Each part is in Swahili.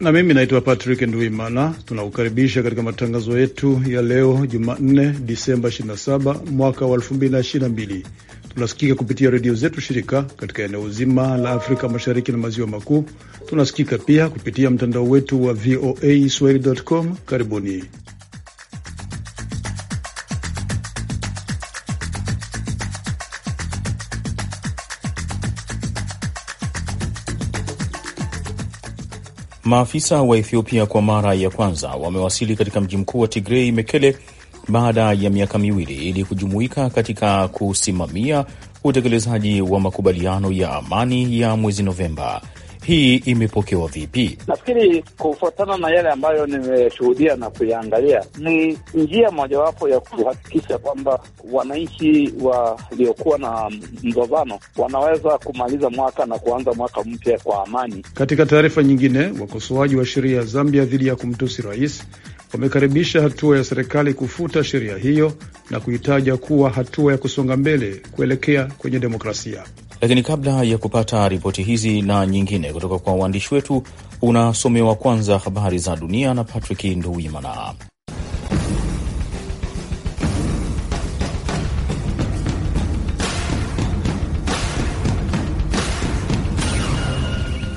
na mimi naitwa Patrick nduimana Tunakukaribisha katika matangazo yetu ya leo Jumanne, Disemba 27 mwaka wa 2022. Tunasikika kupitia redio zetu shirika katika eneo zima la Afrika Mashariki na Maziwa Makuu. Tunasikika pia kupitia mtandao wetu wa VOA Swahili.com. Karibuni. Maafisa wa Ethiopia kwa mara ya kwanza wamewasili katika mji mkuu wa Tigrei, Mekele, baada ya miaka miwili ili kujumuika katika kusimamia utekelezaji wa makubaliano ya amani ya mwezi Novemba hii imepokewa vipi? Nafikiri kufuatana na yale ambayo nimeshuhudia na kuyaangalia, ni njia mojawapo ya kuhakikisha kwamba wananchi waliokuwa na mzozano wanaweza kumaliza mwaka na kuanza mwaka mpya kwa amani. Katika taarifa nyingine, wakosoaji wa sheria ya Zambia dhidi ya kumtusi rais wamekaribisha hatua ya serikali kufuta sheria hiyo na kuitaja kuwa hatua ya kusonga mbele kuelekea kwenye demokrasia. Lakini kabla ya kupata ripoti hizi na nyingine kutoka kwa waandishi wetu, unasomewa kwanza habari za dunia na Patrick Nduwimana.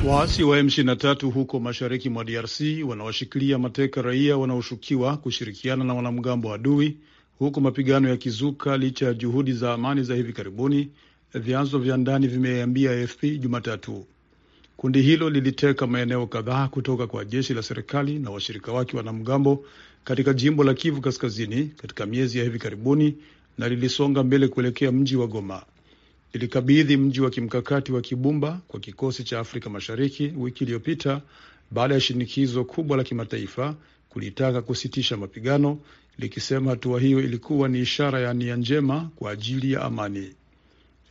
Waasi wa M23 huko mashariki mwa DRC wanawashikilia mateka raia wanaoshukiwa kushirikiana na wanamgambo adui, huku mapigano yakizuka licha ya juhudi za amani za hivi karibuni vyanzo vya ndani vimeambia AFP Jumatatu. Kundi hilo liliteka maeneo kadhaa kutoka kwa jeshi la serikali na washirika wake wanamgambo katika jimbo la Kivu Kaskazini katika miezi ya hivi karibuni na lilisonga mbele kuelekea mji wa Goma. Lilikabidhi mji wa kimkakati wa Kibumba kwa kikosi cha Afrika Mashariki wiki iliyopita baada ya shinikizo kubwa la kimataifa kulitaka kusitisha mapigano, likisema hatua hiyo ilikuwa ni ishara ya nia njema kwa ajili ya amani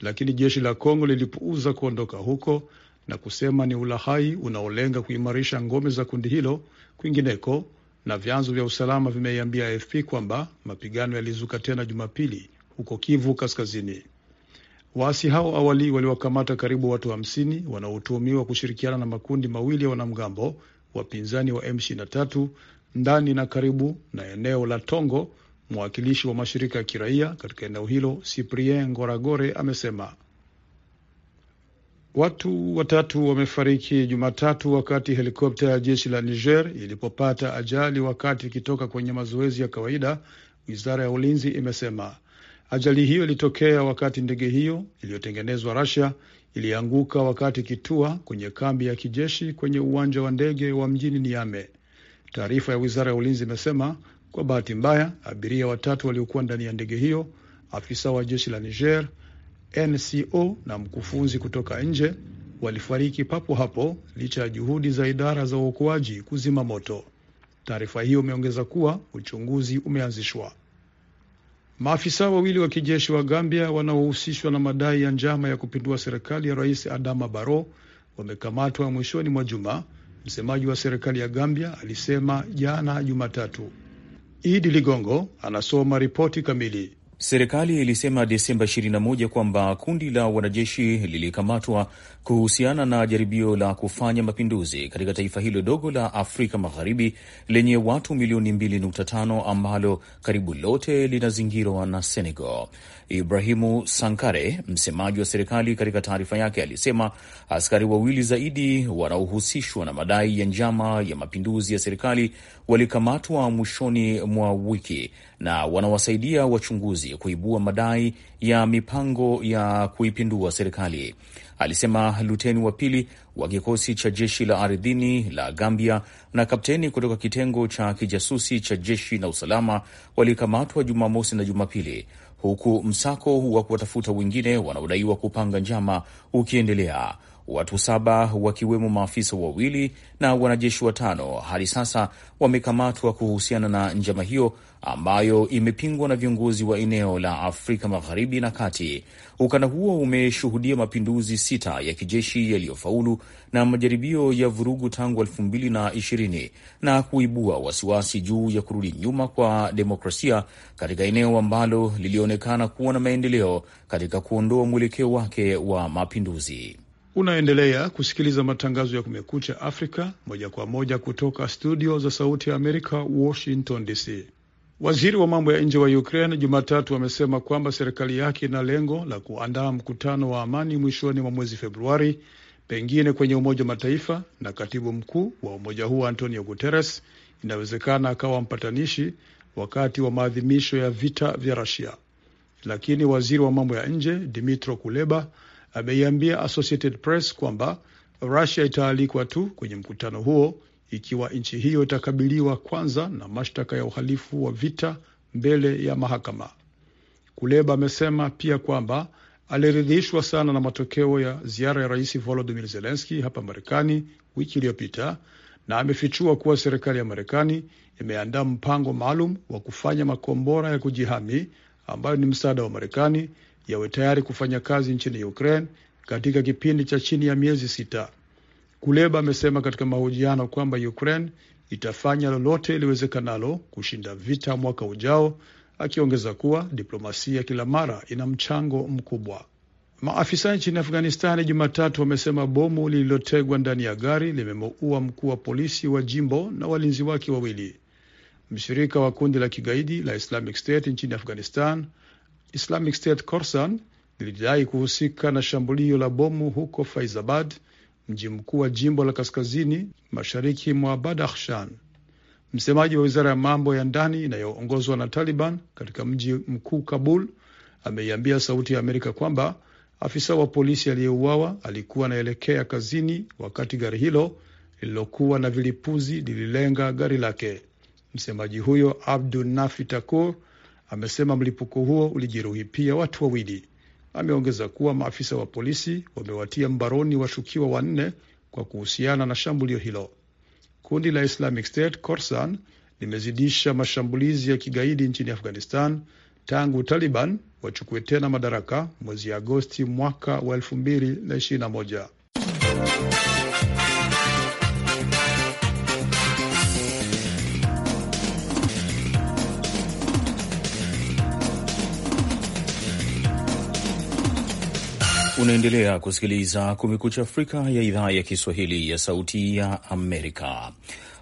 lakini jeshi la Kongo lilipuuza kuondoka huko na kusema ni ulahai unaolenga kuimarisha ngome za kundi hilo kwingineko, na vyanzo vya usalama vimeiambia AFP kwamba mapigano yalizuka tena Jumapili huko Kivu Kaskazini. Waasi hao awali waliwakamata karibu watu hamsini wa wanaotuhumiwa kushirikiana na makundi mawili ya wanamgambo wapinzani wa M23 ndani na karibu na eneo la Tongo Mwakilishi wa mashirika ya kiraia katika eneo hilo Cyprien Ngoragore amesema watu watatu wamefariki Jumatatu wakati helikopta ya jeshi la Niger ilipopata ajali wakati ikitoka kwenye mazoezi ya kawaida. Wizara ya ulinzi imesema ajali hiyo ilitokea wakati ndege hiyo iliyotengenezwa Russia ilianguka wakati ikitua kwenye kambi ya kijeshi kwenye uwanja wa ndege wa mjini Niamey. Taarifa ya wizara ya ulinzi imesema kwa bahati mbaya, abiria watatu waliokuwa ndani ya ndege hiyo, afisa wa jeshi la Niger NCO na mkufunzi kutoka nje walifariki papo hapo licha ya juhudi za idara za uokoaji kuzima moto. Taarifa hiyo imeongeza kuwa uchunguzi umeanzishwa. Maafisa wawili wa kijeshi wa Gambia wanaohusishwa na madai ya njama ya kupindua serikali ya Rais Adama Barrow wamekamatwa mwishoni mwa juma, msemaji wa serikali ya Gambia alisema jana Jumatatu. Idi Ligongo anasoma ripoti kamili. Serikali ilisema Desemba 21 kwamba kundi la wanajeshi lilikamatwa kuhusiana na jaribio la kufanya mapinduzi katika taifa hilo dogo la Afrika Magharibi lenye watu milioni 2.5 ambalo karibu lote linazingirwa na Senegal. Ibrahimu Sankare, msemaji wa serikali, katika taarifa yake alisema askari wawili zaidi wanaohusishwa na madai ya njama ya mapinduzi ya serikali walikamatwa mwishoni mwa wiki na wanawasaidia wachunguzi kuibua madai ya mipango ya kuipindua serikali, alisema luteni wa pili wa kikosi cha jeshi la ardhini la Gambia na kapteni kutoka kitengo cha kijasusi cha jeshi na usalama walikamatwa Jumamosi na Jumapili, huku msako wa kuwatafuta wengine wanaodaiwa kupanga njama ukiendelea. Watu saba wakiwemo maafisa wawili na wanajeshi watano hadi sasa wamekamatwa kuhusiana na njama hiyo ambayo imepingwa na viongozi wa eneo la Afrika Magharibi na Kati. Ukanda huo umeshuhudia mapinduzi sita ya kijeshi yaliyofaulu na majaribio ya vurugu tangu elfu mbili na ishirini na kuibua wasiwasi juu ya kurudi nyuma kwa demokrasia katika eneo ambalo lilionekana kuwa na maendeleo katika kuondoa mwelekeo wake wa mapinduzi. Unaendelea kusikiliza matangazo ya Kumekucha Afrika moja kwa moja kutoka studio za Sauti ya Amerika, Washington DC. Waziri wa mambo ya nje wa Ukraine Jumatatu amesema kwamba serikali yake ina lengo la kuandaa mkutano wa amani mwishoni mwa mwezi Februari, pengine kwenye Umoja wa Mataifa, na katibu mkuu wa umoja huo Antonio Guterres inawezekana akawa mpatanishi wakati wa maadhimisho ya vita vya Rusia. Lakini waziri wa mambo ya nje Dmytro Kuleba ameiambia Associated Press kwamba russia itaalikwa tu kwenye mkutano huo ikiwa nchi hiyo itakabiliwa kwanza na mashtaka ya uhalifu wa vita mbele ya mahakama. Kuleba amesema pia kwamba aliridhishwa sana na matokeo ya ziara ya Rais Volodimir zelenski hapa Marekani wiki iliyopita na amefichua kuwa serikali ya Marekani imeandaa mpango maalum wa kufanya makombora ya kujihami ambayo ni msaada wa Marekani yawe tayari kufanya kazi nchini Ukraine katika kipindi cha chini ya miezi sita. Kuleba amesema katika mahojiano kwamba Ukraine itafanya lolote liwezekanalo kushinda vita mwaka ujao, akiongeza kuwa diplomasia kila mara ina mchango mkubwa. Maafisa nchini Afghanistani Jumatatu wamesema bomu lililotegwa ndani ya gari limemuua mkuu wa polisi wa jimbo na walinzi wake wawili. Mshirika wa kundi la kigaidi la Islamic State nchini Afghanistan Islamic State Khorasan lilidai kuhusika na shambulio la bomu huko Faizabad, mji mkuu wa jimbo la kaskazini mashariki mwa Badakhshan. Msemaji wa wizara ya mambo ya ndani inayoongozwa na Taliban katika mji mkuu Kabul ameiambia Sauti ya Amerika kwamba afisa wa polisi aliyeuawa alikuwa anaelekea kazini wakati gari hilo lililokuwa na vilipuzi lililenga gari lake. Msemaji huyo Abdu Nafi Takur amesema mlipuko huo ulijeruhi pia watu wawili. Ameongeza kuwa maafisa wa polisi wamewatia mbaroni washukiwa wanne kwa kuhusiana na shambulio hilo. Kundi la Islamic State Khorasan limezidisha mashambulizi ya kigaidi nchini Afghanistan tangu Taliban wachukue tena madaraka mwezi Agosti mwaka wa 2021. Unaendelea kusikiliza Kumekucha Afrika ya idhaa ya Kiswahili ya Sauti ya Amerika.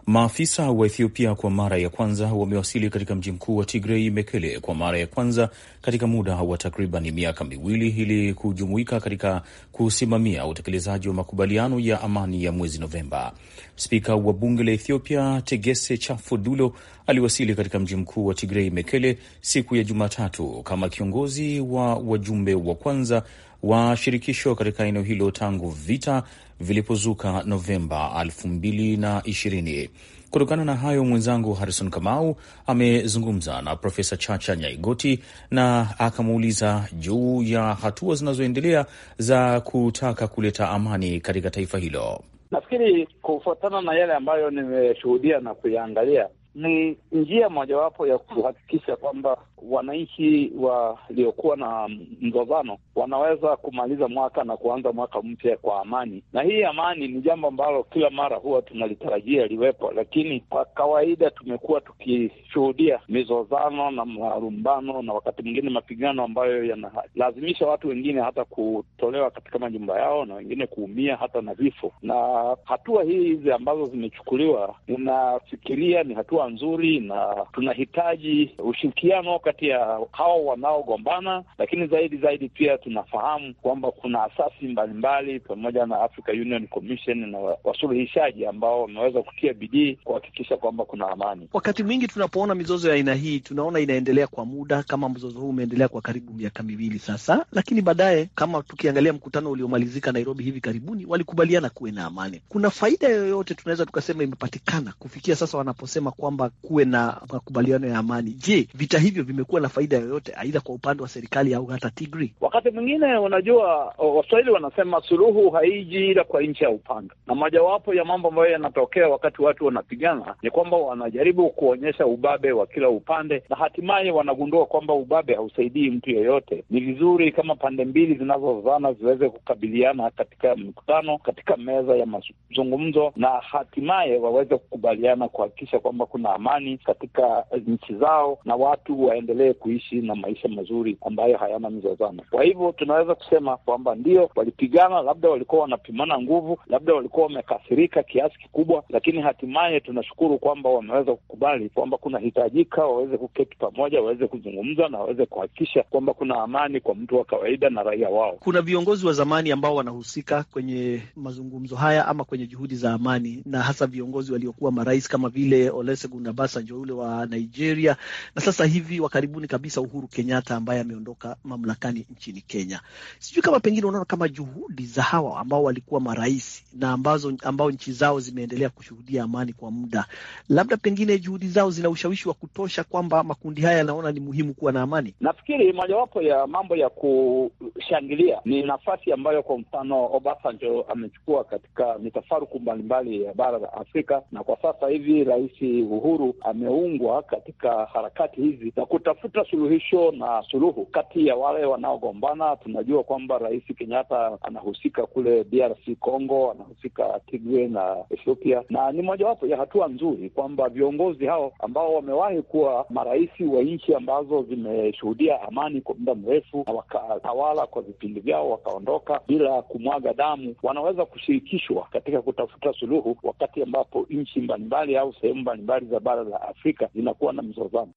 Maafisa wa Ethiopia kwa mara ya kwanza wamewasili katika mji mkuu wa Tigrei, Mekele, kwa mara ya kwanza katika muda wa takriban miaka miwili ili kujumuika katika kusimamia utekelezaji wa makubaliano ya amani ya mwezi Novemba. Spika wa bunge la Ethiopia Tegese dulo aliwasili katika mji mkuu wa Tigrei, Mekele, siku ya Jumatatu kama kiongozi wa wajumbe wa kwanza wa shirikisho katika eneo hilo tangu vita vilipozuka Novemba 2020. Kutokana na hayo, mwenzangu Harrison Kamau amezungumza na Profesa Chacha Nyaigoti na akamuuliza juu ya hatua zinazoendelea za kutaka kuleta amani katika taifa hilo. Nafikiri kufuatana na yale ambayo nimeshuhudia na kuyaangalia ni njia mojawapo ya kuhakikisha kwamba wananchi waliokuwa na mzozano wanaweza kumaliza mwaka na kuanza mwaka mpya kwa amani. Na hii amani ni jambo ambalo kila mara huwa tunalitarajia liwepo, lakini kwa kawaida tumekuwa tukishuhudia mizozano na marumbano na wakati mwingine mapigano ambayo yanalazimisha watu wengine hata kutolewa katika majumba yao na wengine kuumia hata na vifo. Na hatua hii hizi ambazo zimechukuliwa, ninafikiria ni hatua haikuwa nzuri, na tunahitaji ushirikiano kati ya hawa wanaogombana, lakini zaidi zaidi pia tunafahamu kwamba kuna asasi mbalimbali pamoja na Africa Union Commission na wasuluhishaji ambao wameweza kutia bidii kuhakikisha kwamba kuna amani. Wakati mwingi tunapoona mizozo ya aina hii, tunaona inaendelea kwa muda, kama mzozo huu umeendelea kwa karibu miaka miwili sasa, lakini baadaye, kama tukiangalia mkutano uliomalizika Nairobi hivi karibuni, walikubaliana kuwe na amani. Kuna faida yoyote tunaweza tukasema imepatikana kufikia sasa wanaposema kwa kwamba kuwe na makubaliano ya amani. Je, vita hivyo vimekuwa na faida yoyote, aidha kwa upande wa serikali au hata tigri Wakati mwingine, unajua Waswahili wanasema suluhu haiji ila kwa nchi ya upanga, na mojawapo ya mambo ambayo yanatokea wakati watu wanapigana ni kwamba wanajaribu kuonyesha ubabe wa kila upande, na hatimaye wanagundua kwamba ubabe hausaidii mtu yeyote. Ni vizuri kama pande mbili zinazozana ziweze kukabiliana katika mkutano, katika meza ya mazungumzo, na hatimaye waweze kukubaliana kuhakikisha kwamba kuna amani katika nchi zao na watu waendelee kuishi na maisha mazuri ambayo hayana mizozano. Kwa hivyo tunaweza kusema kwamba ndio walipigana, labda walikuwa wanapimana nguvu, labda walikuwa wamekasirika kiasi kikubwa, lakini hatimaye tunashukuru kwamba wameweza kukubali kwamba kunahitajika waweze kuketi pamoja, waweze kuzungumza na waweze kuhakikisha kwamba kuna amani kwa mtu wa kawaida na raia wao. Kuna viongozi wa zamani ambao wanahusika kwenye mazungumzo haya ama kwenye juhudi za amani, na hasa viongozi waliokuwa marais kama vile Olese Olusegun Obasanjo yule wa Nigeria, na sasa hivi wa karibuni kabisa Uhuru Kenyatta ambaye ameondoka mamlakani nchini Kenya. Sijui kama pengine unaona kama juhudi za hawa ambao walikuwa marais na ambazo ambao nchi zao zimeendelea kushuhudia amani kwa muda, labda pengine juhudi zao zina ushawishi wa kutosha kwamba makundi haya yanaona ni muhimu kuwa na amani. Nafikiri mojawapo ya mambo ya kushangilia ni nafasi ambayo kwa mfano Obasanjo amechukua katika mitafaruku mbalimbali ya bara la Afrika, na kwa sasa hivi rais Uhuru ameungwa katika harakati hizi za kutafuta suluhisho na suluhu kati ya wale wanaogombana. Tunajua kwamba Rais Kenyatta anahusika kule DRC Congo, anahusika tigwe na Ethiopia, na ni mojawapo ya hatua nzuri kwamba viongozi hao ambao wamewahi kuwa marais wa nchi ambazo zimeshuhudia amani kwa muda mrefu na wakatawala kwa vipindi vyao wakaondoka bila kumwaga damu, wanaweza kushirikishwa katika kutafuta suluhu wakati ambapo nchi mbalimbali au sehemu mbalimbali za bara la Afrika zinakuwa na mzozano.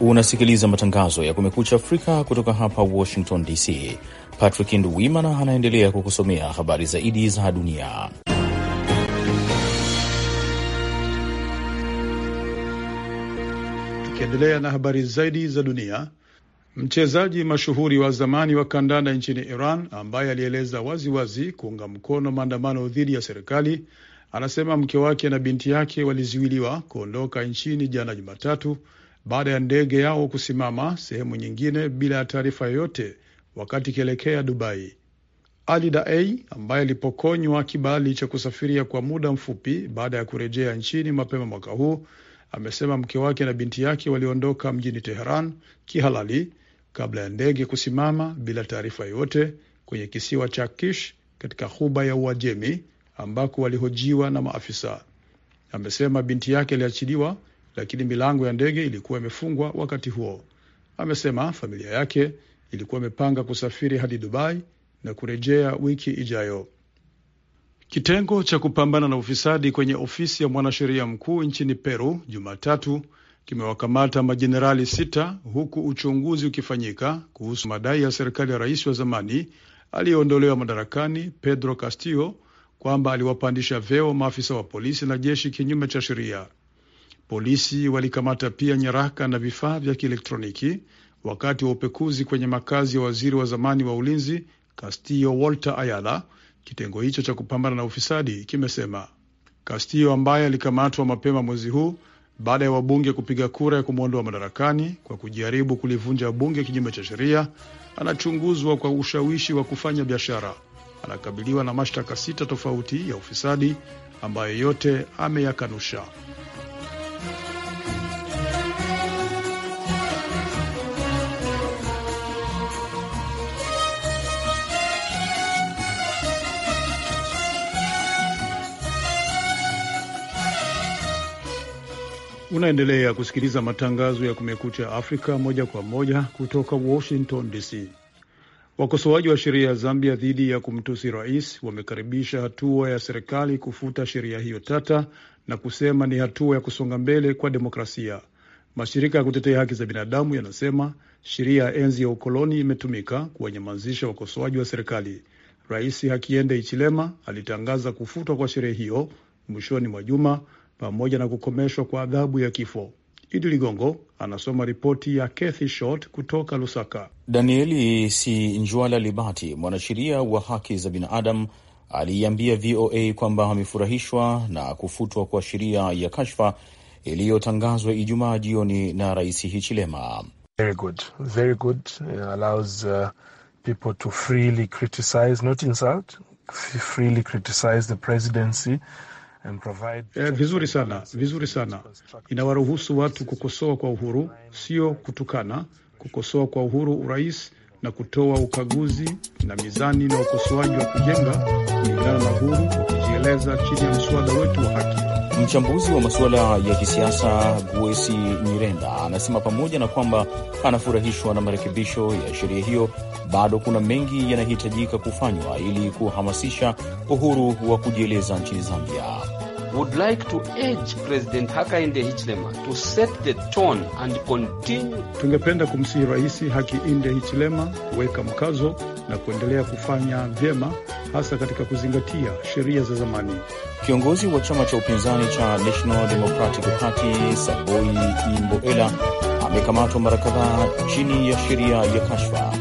Unasikiliza matangazo ya Kumekucha Afrika kutoka hapa Washington DC. Patrick Nduwimana anaendelea kukusomea habari zaidi za dunia. Tukiendelea na habari zaidi za dunia, mchezaji mashuhuri wa zamani wa kandanda nchini Iran ambaye alieleza waziwazi kuunga mkono maandamano dhidi ya serikali anasema mke wake na binti yake walizuiliwa kuondoka nchini jana Jumatatu baada ya ndege yao kusimama sehemu nyingine bila ya taarifa yoyote wakati ikielekea Dubai. Ali Daei ambaye alipokonywa kibali cha kusafiria kwa muda mfupi baada ya kurejea nchini mapema mwaka huu amesema mke wake na binti yake waliondoka mjini Teheran kihalali kabla ya ndege kusimama bila taarifa yoyote kwenye kisiwa cha Kish katika ghuba ya Uajemi ambako walihojiwa na maafisa. Amesema binti yake aliachiliwa, lakini milango ya ndege ilikuwa imefungwa wakati huo. Amesema familia yake ilikuwa imepanga kusafiri hadi Dubai na kurejea wiki ijayo. Kitengo cha kupambana na ufisadi kwenye ofisi ya mwanasheria mkuu nchini Peru Jumatatu kimewakamata majenerali sita huku uchunguzi ukifanyika kuhusu madai ya serikali ya rais wa zamani aliyeondolewa madarakani Pedro Castillo kwamba aliwapandisha vyeo maafisa wa polisi na jeshi kinyume cha sheria. Polisi walikamata pia nyaraka na vifaa vya kielektroniki wakati wa upekuzi kwenye makazi ya waziri wa zamani wa ulinzi Castillo Walter Ayala Kitengo hicho cha kupambana na ufisadi kimesema. Castillo ambaye alikamatwa mapema mwezi huu baada ya wabunge kupiga kura ya kumwondoa madarakani kwa kujaribu kulivunja bunge kinyume cha sheria, anachunguzwa kwa ushawishi wa kufanya biashara. Anakabiliwa na mashtaka sita tofauti ya ufisadi ambayo yote ameyakanusha. Unaendelea kusikiliza matangazo ya Kumekucha Afrika moja kwa moja kutoka Washington DC. Wakosoaji wa sheria ya Zambia dhidi ya kumtusi rais wamekaribisha hatua ya serikali kufuta sheria hiyo tata na kusema ni hatua ya kusonga mbele kwa demokrasia. Mashirika ya kutetea haki za binadamu yanasema sheria ya enzi ya ukoloni imetumika kuwanyamazisha wakosoaji wa serikali. Rais Hakiende Ichilema alitangaza kufutwa kwa sheria hiyo mwishoni mwa juma pamoja na kukomeshwa kwa adhabu ya kifo. Idi Ligongo anasoma ripoti ya Kathy Short kutoka Lusaka. Danieli si Njwala Libati, mwanasheria wa haki za binadamu, aliiambia VOA kwamba amefurahishwa na kufutwa kwa sheria ya kashfa iliyotangazwa Ijumaa jioni na Rais Hichilema. Very good. Very good. Allows, uh, people to freely criticize, not insult, freely criticize the presidency Eh, vizuri sana, vizuri sana. Inawaruhusu watu kukosoa kwa uhuru, sio kutukana, kukosoa kwa uhuru urais na kutoa ukaguzi na mizani na ukosoaji wa kujenga kulingana na uhuru wa kujieleza chini ya mswada wetu wa haki. Mchambuzi wa masuala ya kisiasa Guesi Nyirenda anasema pamoja na kwamba anafurahishwa na marekebisho ya sheria hiyo, bado kuna mengi yanahitajika kufanywa ili kuhamasisha uhuru wa kujieleza nchini Zambia would like to urge President Hakainde Hichilema to set the tone and continue. Tungependa kumsihi Rais Hakainde Hichilema kuweka mkazo na kuendelea kufanya vyema hasa katika kuzingatia sheria za zamani. Kiongozi wa chama cha upinzani cha National Democratic Party Saboi Imboela amekamatwa mara kadhaa chini ya sheria ya kashfa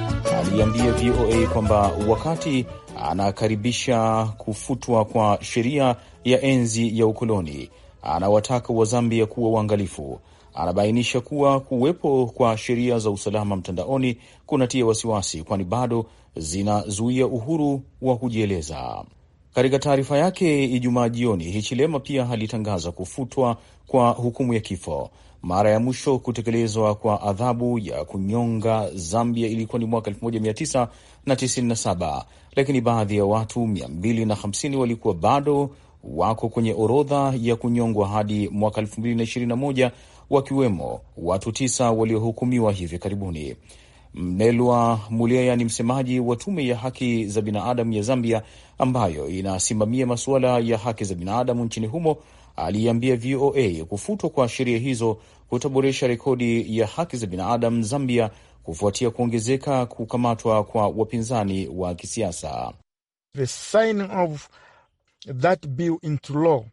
aliambia VOA kwamba wakati anakaribisha kufutwa kwa sheria ya enzi ya ukoloni, anawataka Wazambia kuwa uangalifu Anabainisha kuwa kuwepo kwa sheria za usalama mtandaoni kunatia wasiwasi, kwani bado zinazuia uhuru wa kujieleza. Katika taarifa yake Ijumaa jioni, Hichilema pia alitangaza kufutwa kwa hukumu ya kifo. Mara ya mwisho kutekelezwa kwa adhabu ya kunyonga Zambia ilikuwa ni mwaka 1997 lakini baadhi ya watu 250 walikuwa bado wako kwenye orodha ya kunyongwa hadi mwaka 2021 wakiwemo watu tisa waliohukumiwa hivi karibuni. Mnelwa Muleya ni msemaji wa tume ya haki za binadamu ya Zambia ambayo inasimamia masuala ya haki za binadamu nchini humo aliambia VOA kufutwa kwa sheria hizo kutaboresha rekodi ya haki za binadamu Zambia kufuatia kuongezeka kukamatwa kwa wapinzani wa kisiasa. The signing of that bill into law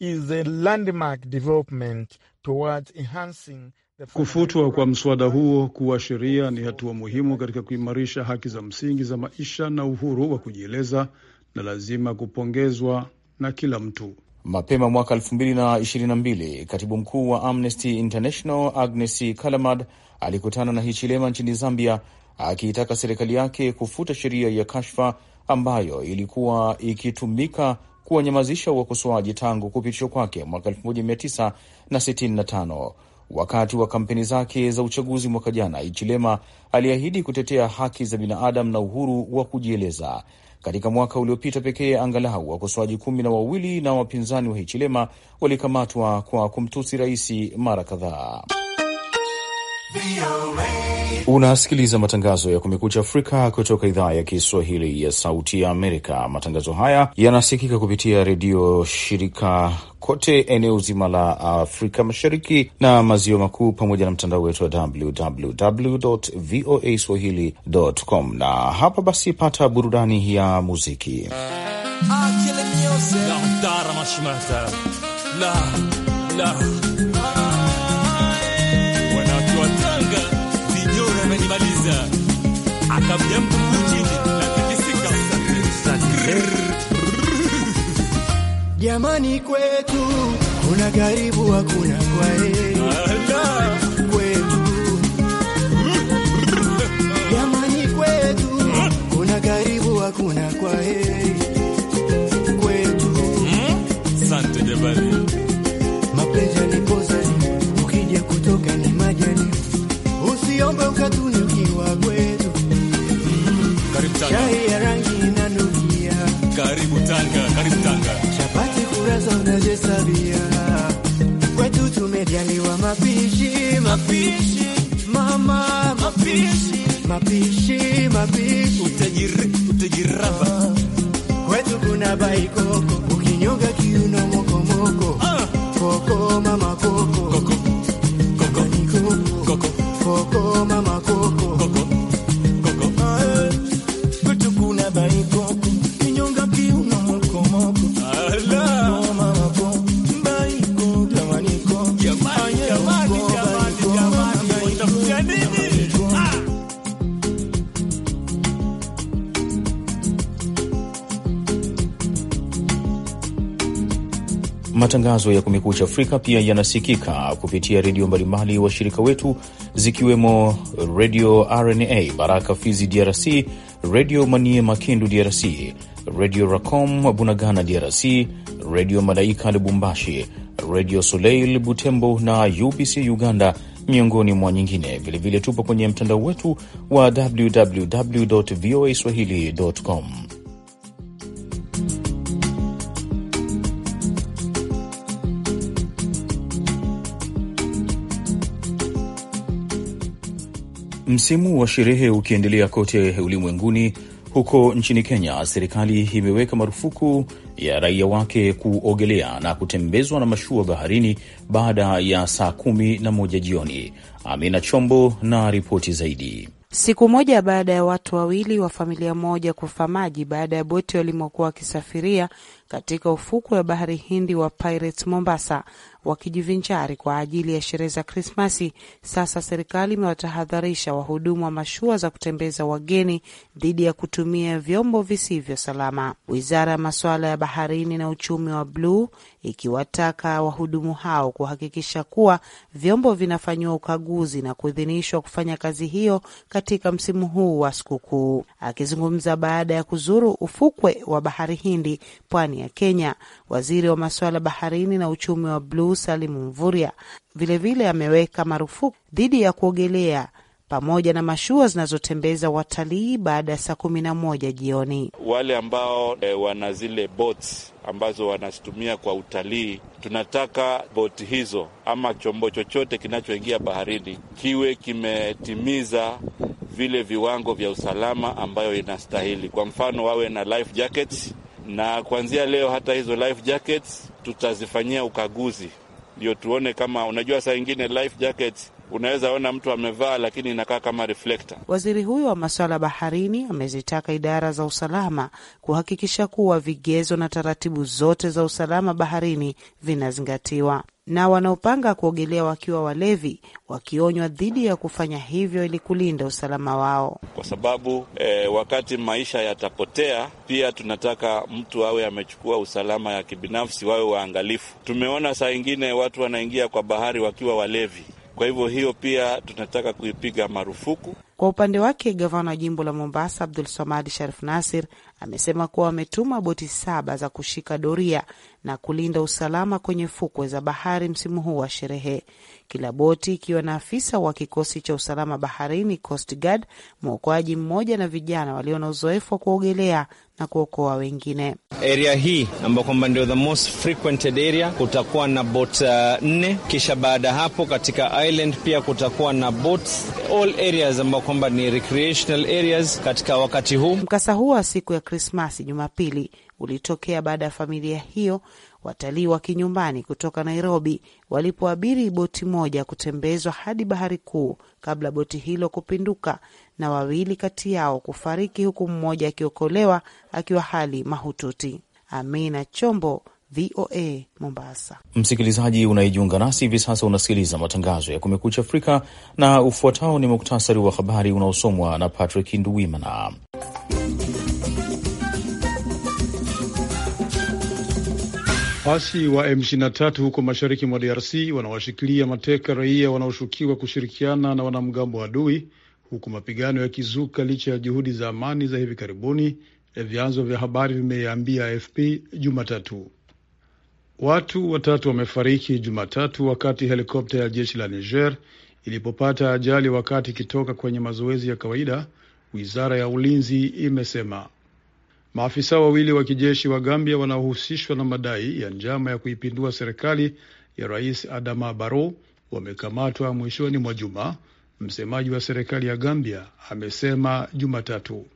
is a landmark development towards enhancing Kufutwa kwa mswada huo kuwa sheria ni hatua muhimu katika kuimarisha haki za msingi za maisha na uhuru wa kujieleza, na lazima kupongezwa na kila mtu. Mapema mwaka 2022 katibu mkuu wa Amnesty International Agnes Callamard alikutana na Hichilema nchini Zambia akiitaka serikali yake kufuta sheria ya kashfa ambayo ilikuwa ikitumika kuwanyamazisha wakosoaji tangu kupitishwa kwake mwaka 1965. Wakati wa kampeni zake za uchaguzi mwaka jana, Hichilema aliahidi kutetea haki za binadamu na uhuru wa kujieleza. Katika mwaka uliopita pekee, angalau wakosoaji kumi na wawili na wapinzani wa Hichilema walikamatwa kwa kumtusi rais mara kadhaa. Unasikiliza matangazo ya Kumekucha Afrika kutoka idhaa ya Kiswahili ya Sauti ya Amerika. Matangazo haya yanasikika kupitia redio shirika kote eneo zima la Afrika Mashariki na Maziwa Makuu, pamoja na mtandao wetu wa www voa swahili.com. Na hapa basi, pata burudani ya muziki la, la. Jamani, kwetu kuna garibu hakuna kwaheri kwetu. Jamani, kwetu mapenzi ni ukija kutoka ni majani, usiombe ukatuna Tanga. Chai ya rangi inanukia. Karibu Tanga, karibu Tanga. Chapati kuraza unajisabia. Kwetu tumejaliwa mapishi, mapishi. Mama, mapishi. Mapishi, mapishi. Utajiri, utajiraba. Kwetu kuna bai koko, ukinyoga kiuno moko moko. Ah! Koko mama koko. Koko. Koko. Koko. Koko mama koko. Matangazo ya Kumekucha Afrika pia yanasikika kupitia redio mbalimbali washirika wetu, zikiwemo Redio RNA Baraka Fizi DRC, Redio Manie Makindu DRC, Redio Racom Bunagana DRC, Redio Malaika Lubumbashi, Redio Soleil Butembo na UBC Uganda, miongoni mwa nyingine. Vilevile tupo kwenye mtandao wetu wa www voa swahili com Msimu wa sherehe ukiendelea kote ulimwenguni, huko nchini Kenya serikali imeweka marufuku ya raia wake kuogelea na kutembezwa na mashua baharini baada ya saa kumi na moja jioni. Amina Chombo na ripoti zaidi. Siku moja baada ya watu wawili wa familia moja kufa maji baada ya boti walimokuwa wakisafiria katika ufukwe wa bahari Hindi wa Pirates Mombasa, wakijivinjari kwa ajili ya sherehe za Krismasi. Sasa serikali imewatahadharisha wahudumu wa mashua za kutembeza wageni dhidi ya kutumia vyombo visivyo salama. Wizara ya masuala ya baharini na uchumi wa bluu ikiwataka wahudumu hao kuhakikisha kuwa vyombo vinafanyiwa ukaguzi na kuidhinishwa kufanya kazi hiyo katika msimu huu wa sikukuu. Akizungumza baada ya kuzuru ufukwe wa bahari Hindi, pwani ya Kenya, waziri wa masuala baharini na uchumi wa bluu Salim Mvurya vilevile ameweka marufuku dhidi ya kuogelea pamoja na mashua zinazotembeza watalii baada ya saa kumi na moja jioni. Wale ambao e, wana zile boats ambazo wanazitumia kwa utalii, tunataka boti hizo ama chombo chochote kinachoingia baharini kiwe kimetimiza vile viwango vya usalama ambayo inastahili. Kwa mfano, wawe na life jackets, na kuanzia leo hata hizo life jackets tutazifanyia ukaguzi ndio tuone kama, unajua saa ingine life jackets unaweza ona mtu amevaa lakini inakaa kama reflector. Waziri huyo wa masuala baharini amezitaka idara za usalama kuhakikisha kuwa vigezo na taratibu zote za usalama baharini vinazingatiwa na wanaopanga kuogelea wakiwa walevi wakionywa dhidi ya kufanya hivyo ili kulinda usalama wao, kwa sababu e, wakati maisha yatapotea, pia tunataka mtu awe amechukua usalama ya kibinafsi, wawe waangalifu. Tumeona saa ingine watu wanaingia kwa bahari wakiwa walevi, kwa hivyo hiyo pia tunataka kuipiga marufuku. Kwa upande wake, gavana wa jimbo la Mombasa Abdul Samad Sharif Nasir amesema kuwa wametuma boti saba za kushika doria na kulinda usalama kwenye fukwe za bahari msimu huu wa sherehe, kila boti ikiwa na afisa wa kikosi cha usalama baharini Coast Guard, mwokoaji mmoja na vijana walio na uzoefu wa kuogelea na kuokoa wengine. Area hii ambayo kwamba ndio the most frequented area, kutakuwa na boat uh, nne. Kisha baada hapo katika island pia kutakuwa na boats all areas ambayo kwamba ni recreational areas katika wakati huu. Mkasa huu wa siku ya Krismasi Jumapili ulitokea baada ya familia hiyo watalii wa kinyumbani kutoka Nairobi walipoabiri boti moja kutembezwa hadi bahari kuu kabla boti hilo kupinduka na wawili kati yao kufariki huku mmoja akiokolewa akiwa hali mahututi. Amina Chombo, VOA Mombasa. Msikilizaji unayejiunga nasi hivi sasa, unasikiliza matangazo ya Kumekucha Afrika na ufuatao ni muktasari wa habari unaosomwa na Patrick Nduwimana. Waasi wa M23 huko mashariki mwa DRC wanawashikilia mateka raia wanaoshukiwa kushirikiana na wanamgambo wa adui, huku mapigano yakizuka licha ya juhudi za amani za hivi karibuni, eh, vyanzo vya habari vimeiambia AFP Jumatatu. Watu watatu wamefariki Jumatatu wakati helikopta ya jeshi la Niger ilipopata ajali wakati ikitoka kwenye mazoezi ya kawaida, wizara ya ulinzi imesema. Maafisa wawili wa kijeshi wa Gambia wanaohusishwa na madai ya njama ya kuipindua serikali ya Rais Adama Barrow wamekamatwa mwishoni mwa juma, msemaji wa serikali ya Gambia amesema Jumatatu.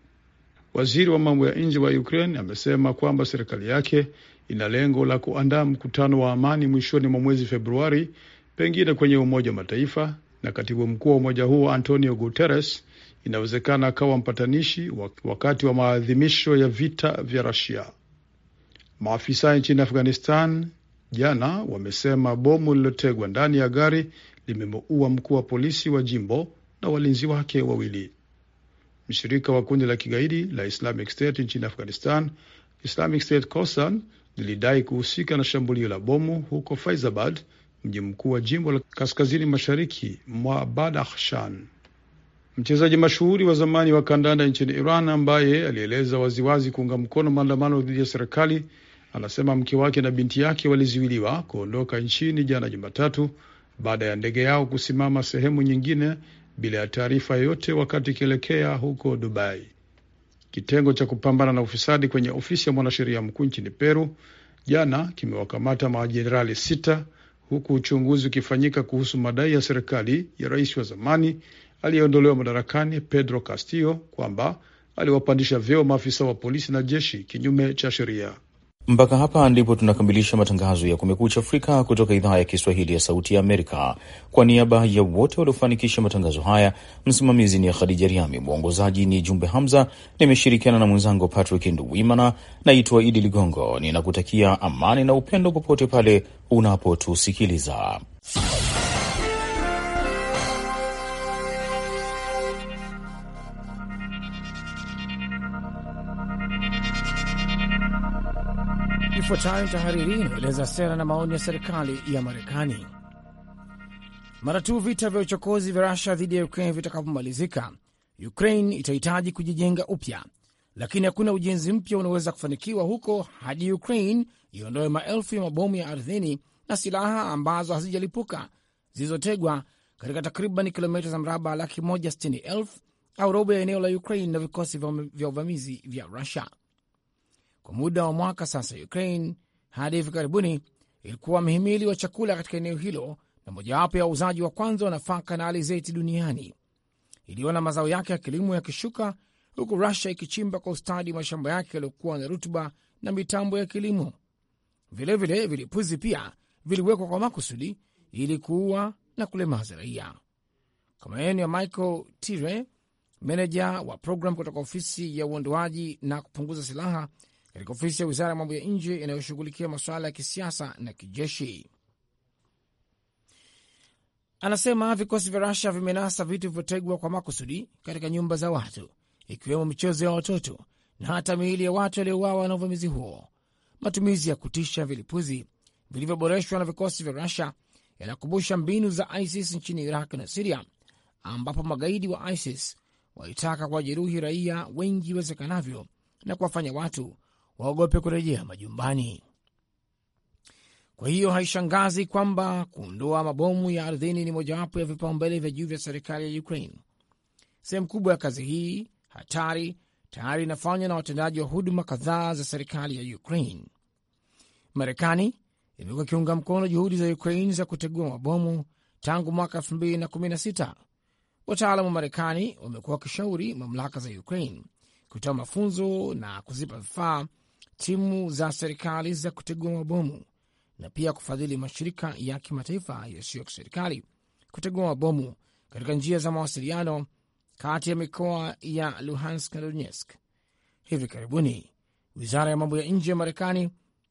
Waziri wa mambo ya nje wa Ukraine amesema kwamba serikali yake ina lengo la kuandaa mkutano wa amani mwishoni mwa mwezi Februari, pengine kwenye Umoja wa Mataifa, na katibu mkuu wa umoja huo Antonio Guterres inawezekana akawa mpatanishi wakati wa maadhimisho ya vita vya Rusia. Maafisa nchini Afghanistan jana wamesema bomu lililotegwa ndani ya gari limemuua mkuu wa polisi wa jimbo na walinzi wake wawili. Mshirika wa kundi la kigaidi la Islamic State nchini Afghanistan, Islamic State Khorasan, lilidai kuhusika na shambulio la bomu huko Faizabad, mji mkuu wa jimbo la kaskazini mashariki mwa Badakhshan mchezaji mashuhuri wa zamani wa kandanda nchini Iran ambaye alieleza waziwazi kuunga mkono maandamano dhidi ya serikali anasema mke wake na binti yake walizuiliwa kuondoka nchini jana Jumatatu baada ya ndege yao kusimama sehemu nyingine bila ya taarifa yoyote wakati ikielekea huko Dubai. Kitengo cha kupambana na ufisadi kwenye ofisi ya mwanasheria mkuu nchini Peru jana kimewakamata majenerali sita huku uchunguzi ukifanyika kuhusu madai ya serikali ya rais wa zamani aliyeondolewa madarakani Pedro Castillo kwamba aliwapandisha vyeo maafisa wa polisi na jeshi kinyume cha sheria. Mpaka hapa ndipo tunakamilisha matangazo ya Kumekucha Afrika kutoka idhaa ya Kiswahili ya Sauti ya Amerika. Kwa niaba ya wote waliofanikisha matangazo haya, msimamizi ni Khadija Riami, mwongozaji ni Jumbe Hamza, nimeshirikiana na mwenzangu Patrick Nduwimana. Naitwa Idi Ligongo, ninakutakia amani na upendo popote pale unapotusikiliza. Ifuatayo tahariri inaeleza sera na maoni ya serikali ya Marekani. Mara tu vita vya uchokozi vya Rusia dhidi ya Ukraine vitakapomalizika, Ukraine itahitaji kujijenga upya, lakini hakuna ujenzi mpya unaoweza kufanikiwa huko hadi Ukraine iondoe maelfu ya mabomu ya ardhini na silaha ambazo hazijalipuka zilizotegwa katika takriban kilomita za mraba laki moja sitini elfu au robo ya eneo la Ukraine na vikosi vya uvamizi vya Rusia kwa muda wa mwaka sasa. Ukraine hadi hivi karibuni ilikuwa mhimili wa chakula katika eneo hilo na mojawapo ya wauzaji wa kwanza wa nafaka na alizeti duniani. Iliona mazao yake ya kilimo yakishuka, huku Rusia ikichimba kwa ustadi mashamba yake yaliyokuwa na rutuba na mitambo ya kilimo. Vilevile vilipuzi pia viliwekwa kwa makusudi ili kuua na kulemaza raia. Kwa maneno ya Michael Tire, meneja wa programu kutoka ofisi ya uondoaji na kupunguza silaha katika ofisi ya wizara ya mambo ya nje inayoshughulikia masuala ya kisiasa na kijeshi. Anasema vikosi vya Rusia vimenasa vitu vilivyotegwa kwa makusudi katika nyumba za watu, ikiwemo michezo ya watoto na hata miili ya watu waliouawa na uvamizi huo. Matumizi ya kutisha vilipuzi vilivyoboreshwa na vikosi vya Rusia yanakumbusha mbinu za ISIS nchini Iraq na Siria, ambapo magaidi wa ISIS walitaka kuwajeruhi raia wengi iwezekanavyo na kuwafanya watu waogope kurejea majumbani. Kwa hiyo haishangazi kwamba kuondoa mabomu ya ardhini ni mojawapo ya vipaumbele vya juu vya serikali ya Ukraine. Sehemu kubwa ya kazi hii hatari tayari inafanywa na watendaji wa huduma kadhaa za serikali ya Ukraine. Marekani imekuwa ikiunga mkono juhudi za Ukraine za kutegua mabomu tangu mwaka 2016. Wataalamu wa Marekani wamekuwa wakishauri mamlaka za Ukraine kutoa mafunzo na kuzipa vifaa timu za serikali za kutegua mabomu na pia kufadhili mashirika ya kimataifa yasiyo ya kiserikali kutegua mabomu katika njia za mawasiliano kati ya mikoa ya Luhansk na Donetsk. Hivi karibuni wizara ya mambo ya nje ya Marekani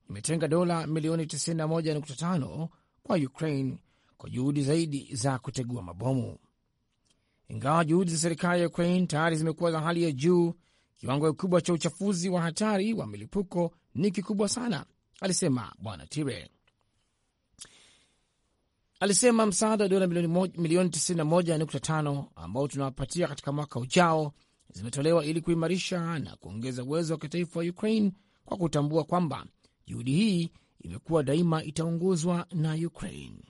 imetenga dola milioni 91.5 kwa Ukraine kwa juhudi zaidi za kutegua mabomu. Ingawa juhudi za serikali ya Ukraine tayari zimekuwa za hali ya juu Kiwango kikubwa cha uchafuzi wa hatari wa milipuko ni kikubwa sana, alisema Bwana Tire. Alisema msaada wa dola milioni 91.5 ambao tunawapatia katika mwaka ujao zimetolewa ili kuimarisha na kuongeza uwezo wa kitaifa wa Ukraine kwa kutambua kwamba juhudi hii imekuwa daima itaongozwa na Ukraine.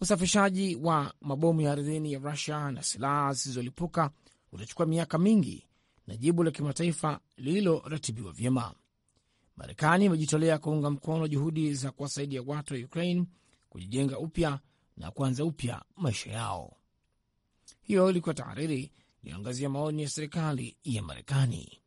Usafishaji wa mabomu ya ardhini ya Rusia na silaha zisizolipuka utachukua miaka mingi na jibu la kimataifa lililoratibiwa vyema. Marekani imejitolea kuunga mkono juhudi za kuwasaidia watu wa Ukraine kujijenga upya na kuanza upya maisha yao. Hiyo ilikuwa tahariri iliyoangazia maoni ya serikali ya Marekani.